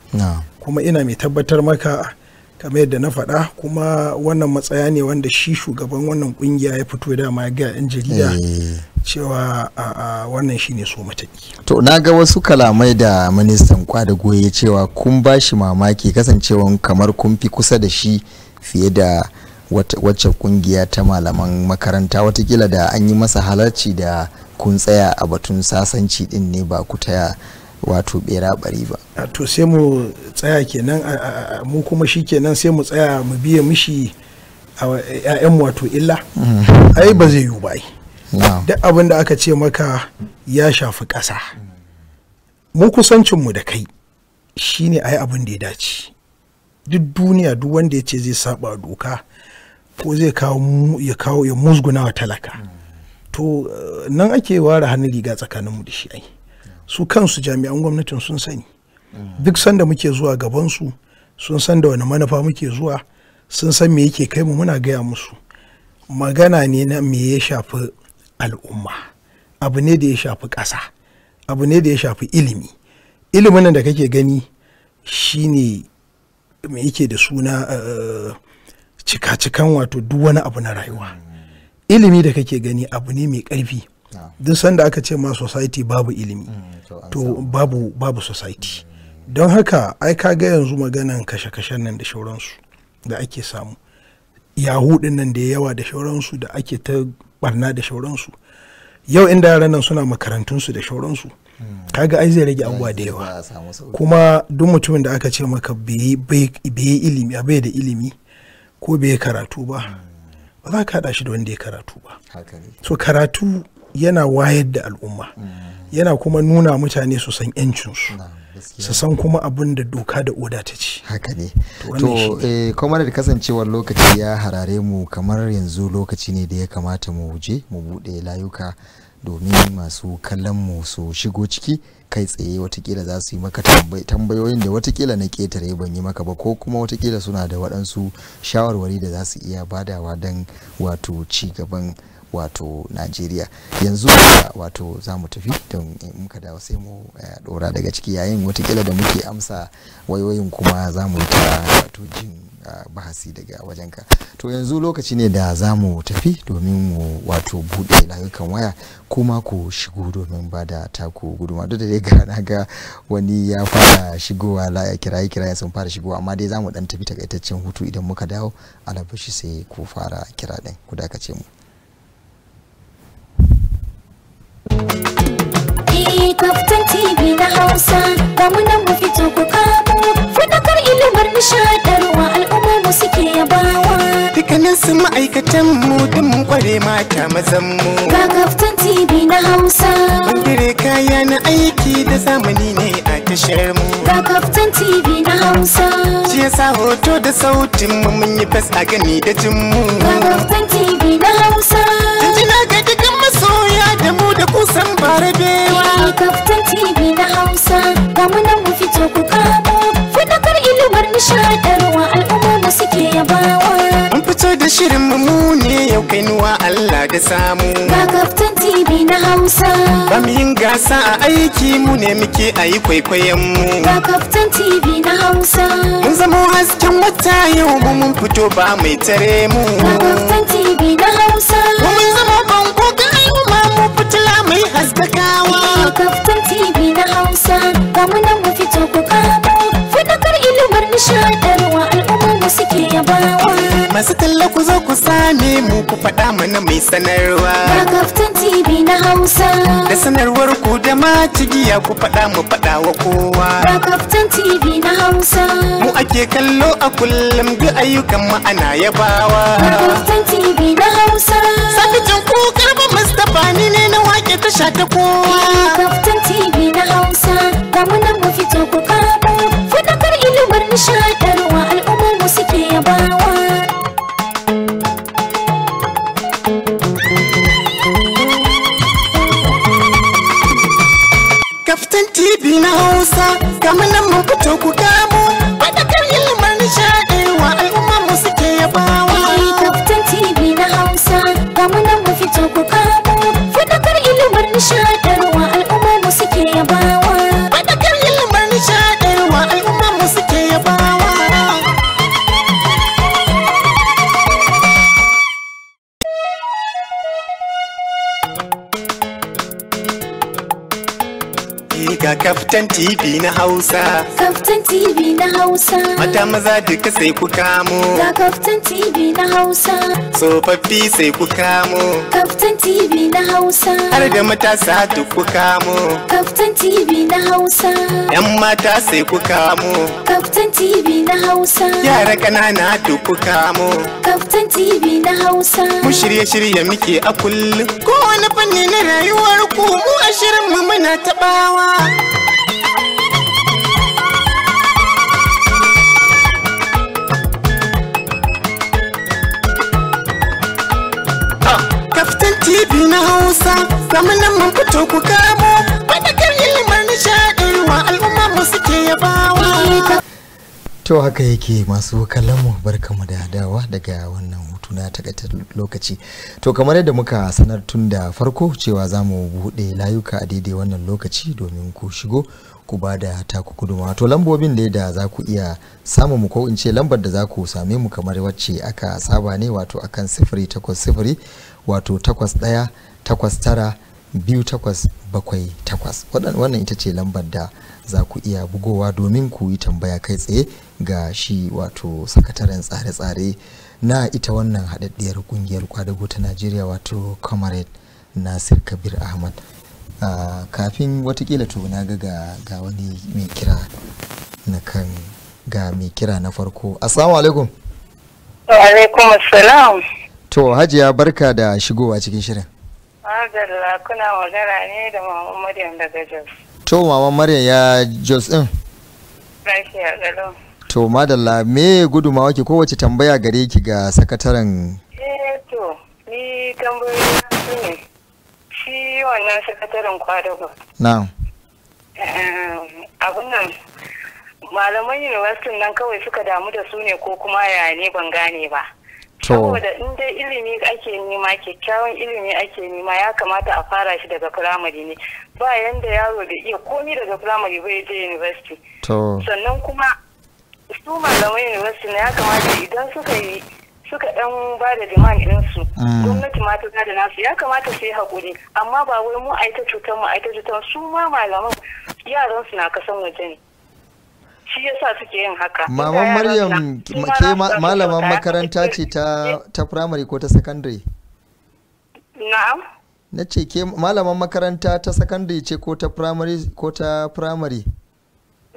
kuma ina mai tabbatar maka kamar yadda na faɗa kuma wannan matsaya ne wanda shi shugaban wannan ƙungiya ya fito dama ga 'yan jarida eh. cewa wannan shine so mataki to na ga wasu kalamai da ministan kwadago ya cewa kun ba shi mamaki kasancewan kamar kun fi kusa da shi fiye da wacce kungiya ta malaman makaranta watakila da an yi masa halarci da kun tsaya a batun sasanci din ne ba ku taya wato bera bari ba to sai mu tsaya kenan mu kuma shi kenan sai mu tsaya mu biye mishi 'ya'yan wato illa mm. ai ba zai yiwu ba ai duk abin da aka ce maka ya shafi ƙasa mu kusancinmu da kai shine a abin da ya dace duk duniya duk wanda ya ce zai saba doka ko zai kawo ya kawo ya musguna wa talaka to eh, nan ake ware hannun riga tsakaninmu da shi ai su kansu jami'an gwamnatin sun sani duk sanda muke zuwa gabansu sun san da wani manufa muke zuwa sun san me yake kai mu muna gaya musu magana ne na me ya shafi al'umma abu ne da ya shafi ƙasa abu ne da ya shafi ilimi ilimin da kake gani shine me yake da suna eh, cika-cikan wato duk wani abu na rayuwa ilimi da kake gani abu ne mai ƙarfi ah. duk sanda aka ce ma society babu ilimi mm, to babu babu society don haka ai ka ga yanzu maganan kashe-kashen nan da shauransu da ake samu yahu nan da yawa da shauransu da ake ta barna da shauransu yau inda yaran nan suna makarantunsu da shauransu kaga ai zai rage abuwa da yawa kuma duk mutumin da aka ce maka bai yi ilimi abai bai da ilimi ko bai karatu ba ba za ka haɗa shi da wanda ya karatu ba so karatu yana wayar da al'umma yana kuma nuna mutane su san 'yancinsu su san kuma abin da doka da oda ta ce haka ne to eh, kuma da kasancewar lokaci ya harare mu kamar yanzu lokaci ne da ya kamata mu je mu bude layuka domin masu kallon mu su shigo ciki kai tsaye watakila za su yi maka tambayoyin da watakila na ketare ban yi maka ba ko kuma watakila suna da waɗansu shawarwari da za su iya badawa don wato ci gaban wato najeriya yanzu wato za mu tafi don muka dawo sai mu dora eh, daga ciki yayin watakila da muke amsa wayoyin kuma za mu ta wato jin ah, bahasi daga wajenka to yanzu lokaci ne da za mu tafi domin mu wato buɗe layukan waya kuma ku shigo domin ba da taku guduma duk da dai ga na ga wani ya fara shigowa la kiraye kiraye sun fara shigowa amma dai za mu dan tafi takaitaccen hutu idan muka dawo alabashi sai ku fara kira ɗin ku dakace mu Kaftan TV na Hausa, ga mu nan mu fito ku kamo, faɗakar ilimin nishadarwa al'umma suke yabawa. Dukkanin su ma'aikatan mu duk mun kware mata mazan mu. Ga Kaftan TV na Hausa. Mun kaya na aiki da zamani ne a tashar mu. Ga Kaftan TV na Hausa. Shi yasa hoto da sautin mu mun yi fes a gani da jin mu. Ga Kaftan TV na Hausa. ga da mu da kusan barabewa kaftan tv na hausa ga mu nan mu fito ku kamo fadakar ilimar nishadarwa al'umma mu suke yabawa an fito da shirin mu ne yau kai nuwa allah da samu ga kaftan tv na hausa ba mu yin gasa a aiki mu ne muke ayi yi kwaikwayon mu ga kaftan tv na hausa mun zama hasken wata yau mu mun fito ba mai tare mu ga kaftan muka kaftan tv na hausa ga ku ilimar nishadarwa suke yabawa masu ku same mu ku faɗa mai sanarwa ga da sanarwar ku da ma cigiya ku faɗa mu faɗa wa kowa ga kaftan tv na hausa mu ake kallo a kullum duk ayyukan mu ana yabawa ga kaftan tv na hausa sabitin kuka amfani ne na wake tasha ta kowa eh, kaftan tv na hausa ga mu nan mu fito ku kamo fadakar ilimin nishadarwa al'ummar mu suke yabawa kaftan tv na hausa ga mu nan mu fito ku kamo Saftan TV na Hausa. Saftan TV na Hausa. Mata maza duka sai ku kamo. Ga Kaftan TV na Hausa. Tsofaffi sai ku kamo. Kaftan TV na Hausa. Har da matasa duk ku kamo. Kaftan TV na Hausa. Yan mata sai ku kamo. Kaftan TV na Hausa. Yara ƙanana duk ku kamo. Kaftan TV na Hausa. Mu shirye-shirye muke a kullum. Kowane fanni na rayuwar ku mu a shirin mu muna taɓawa. TV na Hausa Ramu nan mun fito ku kamo Fadakar ilimar wa al'umma mu suke yabawa To haka yake masu kallonmu barkamu da dawa daga wannan hutu na takaitattun lokaci. To kamar yadda muka sanar tun da farko cewa za mu buɗe layuka a daidai wannan lokaci domin ku shigo ku ba da taku kuduma. to lambobin da da za ku iya samun mu ko in ce lambar da za ku same mu kamar wacce aka saba ne wato akan sifiri takwas sifiri wato takwas ɗaya takwas tara biyu takwas bakwai takwas wannan ita ce lambar da za ku iya bugowa domin ku yi tambaya kai tsaye ga shi wato sakataren tsare-tsare na ita wannan haɗaɗɗiyar ƙungiyar kwadago ta najeriya wato comrade nasir kabir ahmad uh, kafin watakila to na ga ga wani mai kira na kan ga mai kira na farko assalamu alaikum alaikum to hajiya barka da shigowa cikin shirin Adalla kuna magana ne da Mama Maryam daga Jos. To Mama Maryam ya Jos ɗin? Lafiya galo. To Madalla me gudumawa ke kowace tambaya gare ki ga sakataren? Eh to ni tambayoyi su ne. Shi wannan sakataren kwadago. Na'am. Ehm, abun nan malaman university nan kawai suka damu da su ne ko kuma ya ne ban gane ba. saboda in dai ilimi ake nema kyakkyawan ilimi ake nema ya kamata a fara shi daga firamare ne ba yanda yaro da iya komi daga firamare bai je university sannan kuma su malamai university na ya kamata idan suka yi suka dan ba da demand ɗinsu mm. gwamnati ma ta da nasu ya kamata su yi hakuri amma ba wai mu aita cutar mu aita cutar su ma malaman yaran su na kasan waje ne shi yasa suke yin haka maman maryam ke malaman makaranta ce ta ta primary ko ta secondary na'am na ce ke malaman makaranta ta secondary ce ko ta primary ko ta primary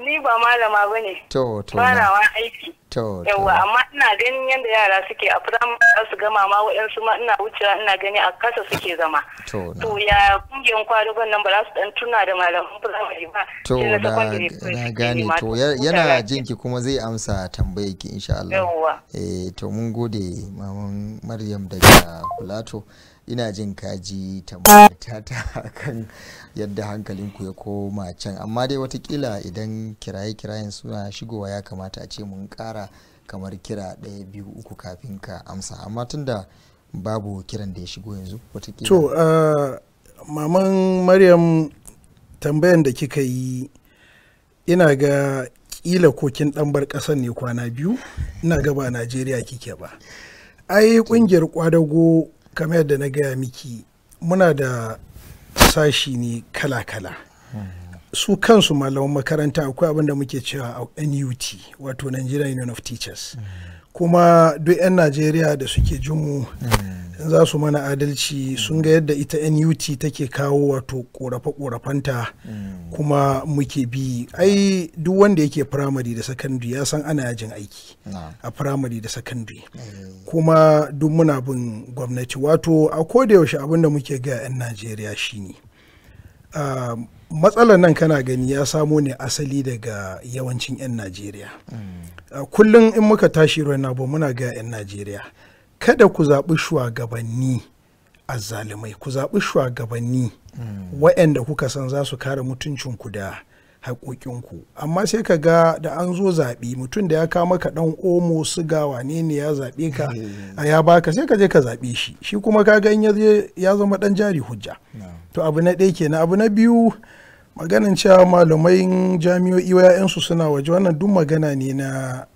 ni ba malama ba ne. To, to. Barawa aiki. To, to. Yawwa, amma ina ganin yadda yara suke a firamare su gama ma waɗansu ma ina wucewa ina gani a kasa suke zama. To, na. To, ya kungiyar kwadugon nan ba za su ɗan tuna da malaman firamare ba. To, na, na gane. To, yana jinki kuma zai amsa tambayar ki insha Allah. Yawwa. Eh, to, mun gode maman Maryam daga Kulato. Ina jin kaji tambayar ta ta kan yadda hankalinku ya koma can amma dai watakila idan kiraye-kirayen suna shigowa ya kamata a ce mun kara kamar kira ɗaya biyu uku kafin ka amsa amma tunda babu kiran da ya shigo yanzu watakila to uh, maman maryam tambayan da kika yi ina ga kila kokin bar ƙasar ne kwana biyu ina ga ba najeriya kike ba ai kungiyar kwadago kamar yadda na gaya miki muna da sashi ne kala-kala su kansu malaman makaranta akwai abin da muke cewa a NUT wato Nigerian Union of Teachers kuma duk 'yan najeriya da suke jinmu za su mana adalci sun ga yadda ita nut take kawo wato korafe-korafenta kuma muke bi ai duk wanda yake firamare da sakandare ya san ana yajin aiki a firamare da sakandare kuma duk muna bin gwamnati wato a kodayaushe abinda da muke ga 'yan najeriya shine matsalar nan kana gani ya samo ne asali daga yawancin 'yan najeriya A kullum in muka tashi bo muna ga 'yan Najeriya kada ku zaɓi shugabanni azzalumai ku zaɓi shugabanni hmm. wa'anda kuka san za su kare mutuncinku da haƙoƙinku amma sai ka ga da an zo zaɓi mutum da ya kawo maka ɗan omo siga wane ne ya zaɓe ka hmm. a ya baka sai ka je ka zaɓe shi shi kuma ka ga ya zama ɗan jari hujja to abu na ɗaya kenan abu na biyu maganin cewa malamai jami'o'i ya'yansu suna waje wannan duk magana ne na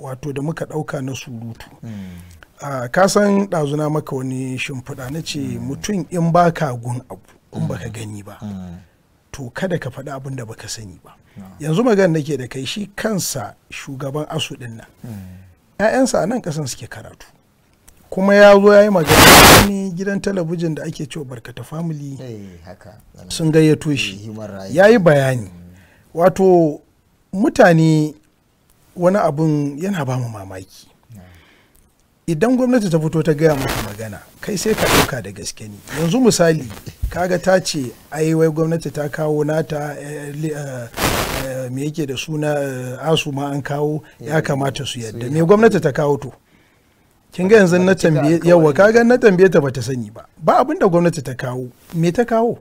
wato da muka ɗauka na surutu mm. ka san ɗazuna maka wani shimfiɗa na ce hmm. mutum in ba ka gun abu in baka hmm. gani ba hmm. to kada ka faɗi abin da baka sani ba no. yanzu magana nake da kai shi kansa shugaban asu ɗin nan 'ya'yansa a nan ƙasan suke karatu kuma ya zo ya yi magana wani gidan talabijin da ake cewa barkata family eh, sun gayyato shi eh, ya yi bayani mm. wato mutane wani abun yana ba mu mamaki idan gwamnati ta fito ta gaya maka magana kai sai ka ɗauka da gaske ne yanzu misali kaga ta ce ai wai gwamnati ta kawo nata eh, me yake da suna asu ma an kawo ya kamata su yadda me gwamnati ta kawo to kin ga yanzu na tambaye yawa kaga na tambaye ta bata sani ba ba abin da gwamnati ta kawo me ta kawo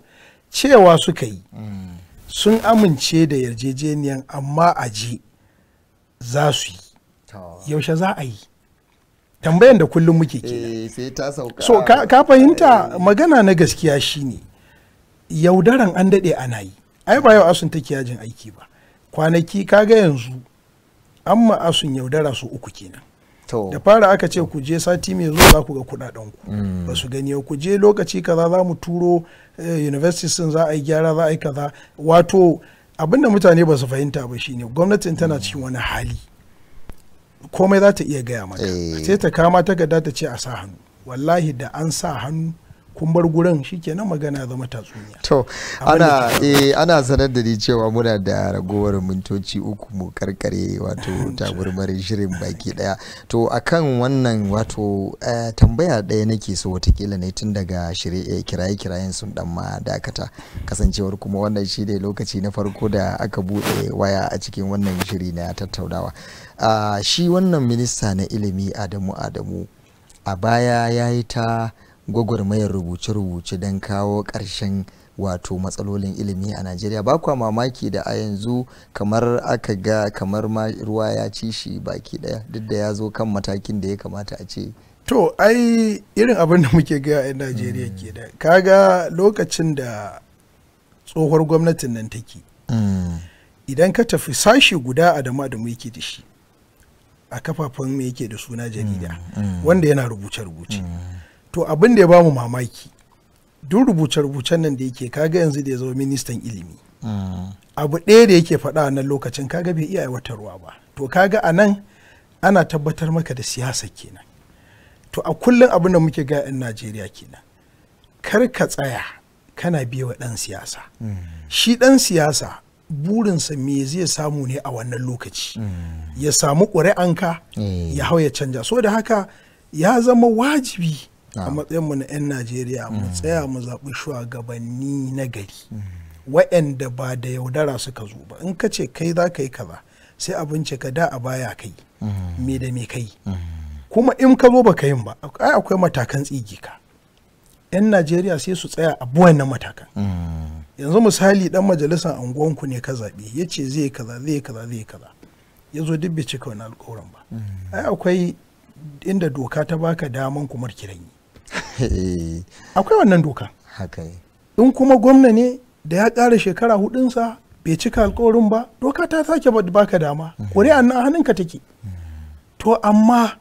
cewa suka yi hmm. sun amince da yarjejeniyan amma a je za su yi yaushe za a yi tambayan da kullum muke ke eh, so ka fahimta eh. magana na gaskiya shine yaudaran an daɗe ana yi ai ba yau asun take yajin aiki ba kwanaki kaga yanzu amma asun yaudara su uku kenan da fara aka ce ku je sati mai zuwa za ku ga kudaden ku mm. ba su gani ku je lokaci kaza za mu turo eh, university sun za a yi gyara za a yi kaza wato abinda mutane ba su fahimta ba shine gwamnatin tana mm. cikin wani hali komai za ta iya gaya maka eh. sai ta kama takarda ta ce a sa hannu wallahi da an sa hannu kun bar gurin shikenan magana zama tatsuniya to ana eh sanar da ni cewa muna da ragowar mintoci uku mu karkare wato tagurmarin shirin baki daya to akan wannan wato eh, tambaya daya nake so watakila ne tun daga shirye eh, kiraye kirayen sun dan ma dakata kasancewar kuma wannan shi ne lokaci na farko da aka bude waya a cikin wannan shiri na tattaunawa ah, shi wannan minista na ilimi Adamu Adamu a baya ya yi ta gwagwarmayar rubuce-rubuce don kawo ƙarshen wato matsalolin ilimi a najeriya ba kwa mamaki da a yanzu kamar aka ga kamar ma ruwa ya ci shi baki daya duk da ya zo kan matakin da ya kamata a ce to ai irin abin da muke ga a najeriya mm. ke da kaga lokacin da tsohuwar gwamnatin nan take mm. idan ka tafi sashi guda a dama da yake da shi a kafafen me yake da suna jarida mm, wanda yana rubuce-rubuce to abin da ya bamu mamaki duk rubuce-rubucen nan da yake kaga yanzu da ya zama ministan ilimi abu ɗaya da yake faɗa nan lokacin kaga bai iya aiwatarwa ba to kaga a nan ana tabbatar maka da siyasa kenan to a kullum abin da muke ga 'yan najeriya kenan kar ka tsaya kana biya wa ɗan siyasa shi ɗan siyasa burinsa me zai samu ne a wannan lokaci ya samu ƙuri'anka eh. ya hau ya canja so da haka ya zama wajibi a matsayin mu na 'yan najeriya mu mm. tsaya mu zaɓi shugabanni na gari waɗanda ba da yaudara suka zo ba in ka ce kai za ka yi kaza sai a ka da a baya kai mm. me da me kai mm. kuma in ka zo ba ka yin ba ai akwai matakan tsigi ka 'yan najeriya sai su tsaya a na matakan yanzu misali dan majalisar anguwanku ne ka zaɓe ya ce zai kaza zai kaza zai kaza ya zo duk bai cika alƙawarin ba ai akwai inda doka ta baka daman kumar kiran akwai wannan doka in kuma gwamna ne da ya ƙara shekara hudunsa bai cika alkawarin ba doka ta sake baka dama ƙuri'an na hannunka take to amma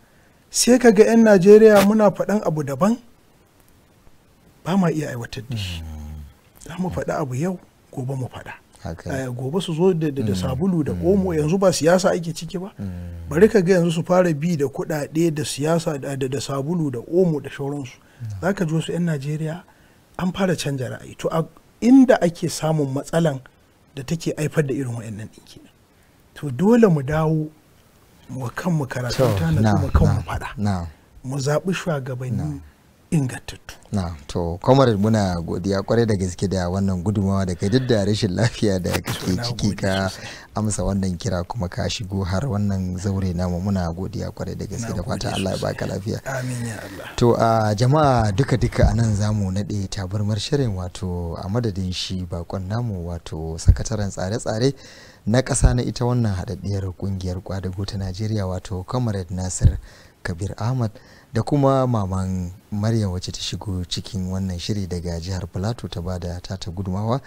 sai ka ga 'yan najeriya muna faɗan abu daban ba ma iya aiwatar da shi za mu faɗa abu yau gobe mu faɗa Eh, gobe su zo da mm. sabulu da mm. omo yanzu ba siyasa ake ciki ba mm. bari ka ga yanzu su fara bi da kudade da siyasa da sabulu da omo da shauransu za ka ji wasu 'yan najeriya an fara canja ra'ayi to inda ake samun matsalan da take haifar da irin wa'annan ɗinki to dole mu dawo mu kan mu karatu ta na mu kan mu mu zaɓi shugabanni ingantattu na to comrade muna godiya kwarai da gaske da wannan gudumawa da kai duk da rashin lafiya da kake ciki ka amsa wannan kira kuma ka shigo har wannan zaure namu muna godiya kwarai da gaske da fata Allah ya baka lafiya to a jama'a duka duka a nan zamu nade tabarmar shirin wato a madadin shi bakon namu wato sakataren tsare-tsare na ƙasa na ita wannan haɗaɗɗiyar ƙungiyar kwadago ta Najeriya wato comrade Nasir kabir ahmad da kuma maman maryam wacce ta shigo cikin wannan shiri daga jihar plateau ta bada ta ta gudumawa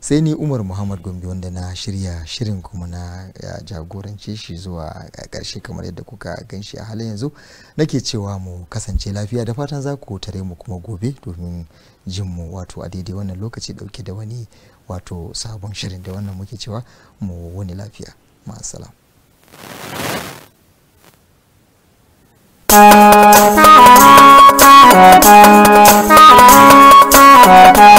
sai ni umar muhammad gombe wanda na shirya shirin kuma na jagorance shi zuwa ƙarshe kamar yadda kuka gan shi a halin yanzu nake cewa mu kasance lafiya da fatan za ku tare mu kuma gobe domin jin mu wato a daidai wannan lokaci dauke da wani wato sabon shirin da wannan muke cewa mu wani lafiya ma'asala Thank you.